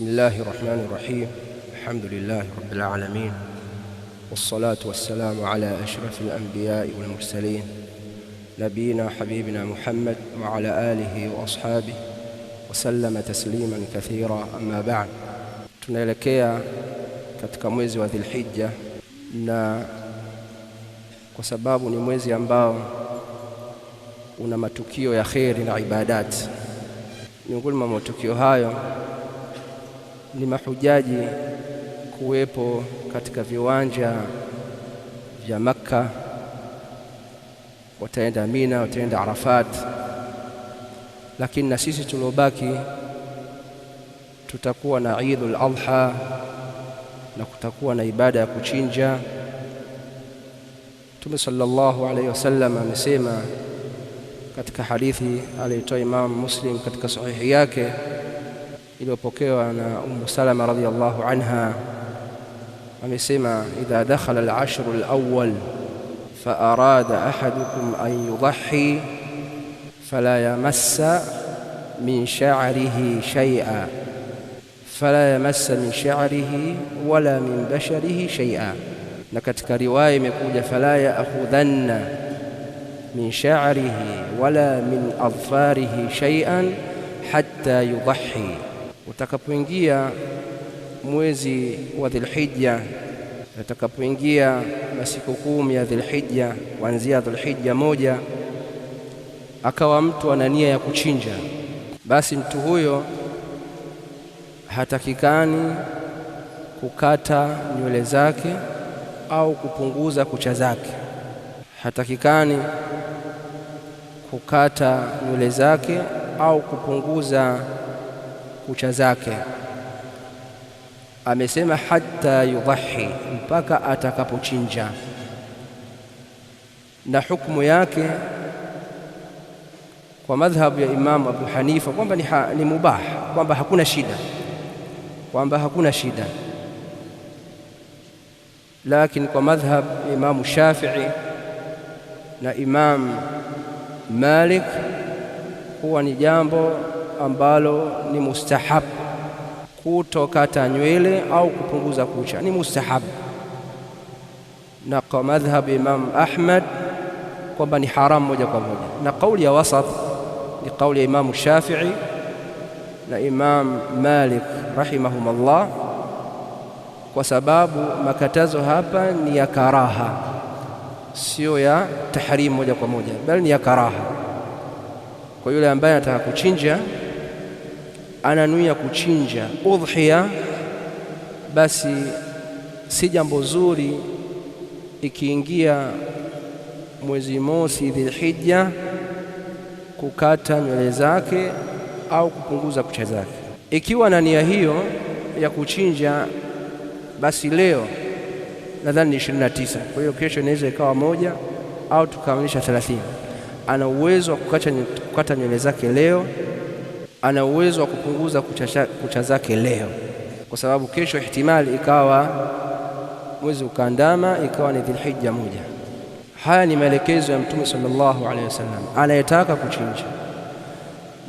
بسم الله الرحمن الرحيم الحمد لله رب العالمين والصلاة والسلام على أشرف الأنبياء والمرسلين نبينا حبيبنا محمد وعلى آله وأصحابه وسلم تسليما كثيرا أما بعد تنالكيا katika mwezi wa Dhulhijja na kwa sababu ni mwezi ambao una matukio ya kheri na ibadati miongoni mwa matukio hayo ni mahujaji kuwepo katika viwanja vya Makka, wataenda Mina, wataenda Arafat, lakini na sisi tuliobaki tutakuwa na Eidul Adha na kutakuwa na ibada ya kuchinja. Mtume sallallahu alayhi wasallam amesema katika hadithi aliyotoa Imamu Muslim katika sahihi yake iliyopokewa na Ummu Salama radhiallahu anha amesema, idha dakhala al-ashru al-awwal fa arada ahadukum an yudhahi fala yamassa min sha'rihi shay'a fala yamassa min sha'rihi wala min basharihi shay'a. Na katika riwaya imekuja fala ya'khudhanna min sha'rihi wala min adfarihi shay'an hatta yudhahi utakapoingia mwezi wa Dhulhijja, utakapoingia masiku kumi ya Dhulhijja, kuanzia Dhulhijja moja, akawa mtu ana nia ya kuchinja, basi mtu huyo hatakikani kukata nywele zake au kupunguza kucha zake. Hatakikani kukata nywele zake au kupunguza kucha zake. Amesema hatta yudhahi, mpaka atakapochinja. Na hukumu yake kwa madhhabu ya Imamu Abu Hanifa kwamba ni, ha, ni mubah, kwamba hakuna shida, kwamba hakuna shida. Lakini kwa madhhab Imamu Shafi'i na Imamu Malik huwa ni jambo ambalo ni mustahab Kutokata nywele au kupunguza kucha ni mustahab na kwa madhhabu Imam Ahmad kwamba ni haram moja kwa moja, na kauli ya wasat ni kauli ya imam Shafii na Imam Malik rahimahumullah, kwa sababu makatazo hapa ni ya karaha, sio ya tahrim moja kwa moja, bali ni ya karaha kwa yule ambaye anataka kuchinja ananuia kuchinja udhiya, basi si jambo zuri ikiingia mwezi mosi Dhilhija kukata nywele zake au kupunguza kucha zake. Ikiwa na nia hiyo ya kuchinja, basi leo nadhani ni 29, kwa hiyo kesho inaweza ikawa moja au tukamilisha 30, Ana uwezo wa kukata nywele zake leo ana uwezo wa kupunguza kucha, zake leo, kwa sababu kesho ihtimali ikawa mwezi ukaandama ikawa ni Dhulhijja moja. Haya ni maelekezo ya Mtume sallallahu alaihi wasallam anayetaka kuchinja,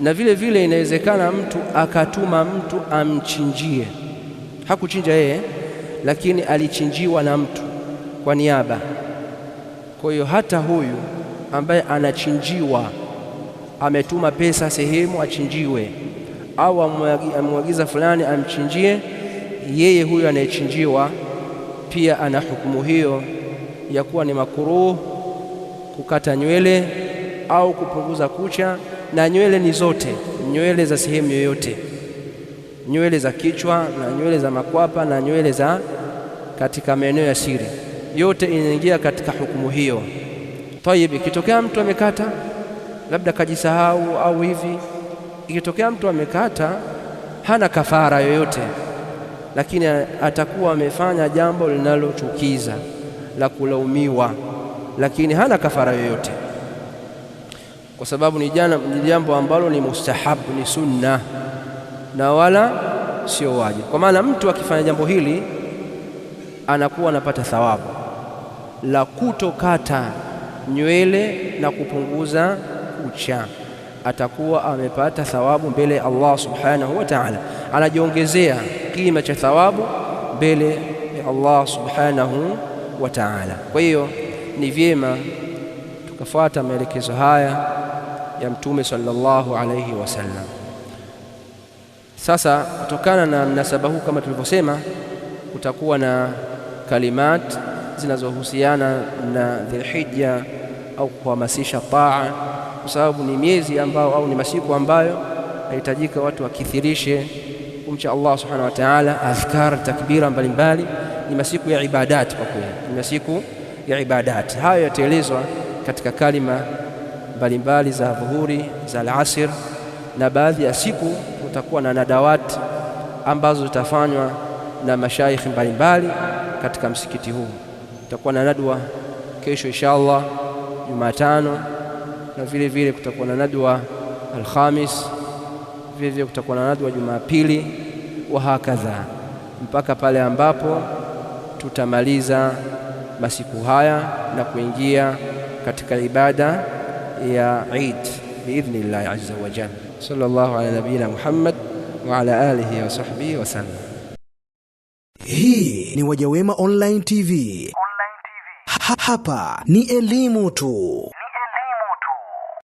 na vile vile inawezekana mtu akatuma mtu amchinjie, hakuchinja yeye, lakini alichinjiwa na mtu kwa niaba. Kwa hiyo hata huyu ambaye anachinjiwa ametuma pesa sehemu achinjiwe, au amwagiza fulani amchinjie, yeye huyo anayechinjiwa pia ana hukumu hiyo ya kuwa ni makuruu kukata nywele au kupunguza kucha, na nywele ni zote, nywele za sehemu yoyote, nywele za kichwa na nywele za makwapa na nywele za katika maeneo ya siri, yote inaingia katika hukumu hiyo. Tayib, ikitokea mtu amekata labda kajisahau au hivi, ikitokea mtu amekata, hana kafara yoyote, lakini atakuwa amefanya jambo linalochukiza la kulaumiwa, lakini hana kafara yoyote, kwa sababu ni jambo ambalo ni mustahabu, ni sunna na wala sio wajibu. Kwa maana mtu akifanya jambo hili anakuwa anapata thawabu la kutokata nywele na kupunguza kucha atakuwa amepata thawabu mbele ya Allah subhanahu wa ta'ala, anajiongezea kima cha thawabu mbele ya Allah subhanahu wa ta'ala. Kwa hiyo ni vyema tukafuata maelekezo haya ya Mtume sallallahu alayhi wasallam. Sasa kutokana na mnasaba huu, kama tulivyosema, kutakuwa na kalimat zinazohusiana na Dhulhijja au kuhamasisha taa kwa sababu ni miezi ambao au ni masiku ambayo nahitajika watu wakithirishe kumcha Allah subhanahu wa ta'ala, adhkar, takbira mbalimbali. Ni masiku ya ibadati kwa kweli ni masiku ya ibadati Hayo yataelezwa katika kalima mbalimbali za dhuhuri, za alasir, na baadhi ya siku kutakuwa na nadawati ambazo zitafanywa na mashaikhi mbalimbali katika msikiti huu. utakuwa na nadwa kesho insha Allah Jumatano na vile vile kutakuwa na nadwa Alhamis, vile vile kutakuwa na nadwa Jumapili wa hakadha, mpaka pale ambapo tutamaliza masiku haya na kuingia katika ibada ya Eid biidhnillahi azza wa jalla. Sallallahu ala nabiyina Muhammad wa ala alihi wa sahbihi wa sallam. Hii ni Wajawema Online TV. Online TV. Ha hapa ni elimu tu.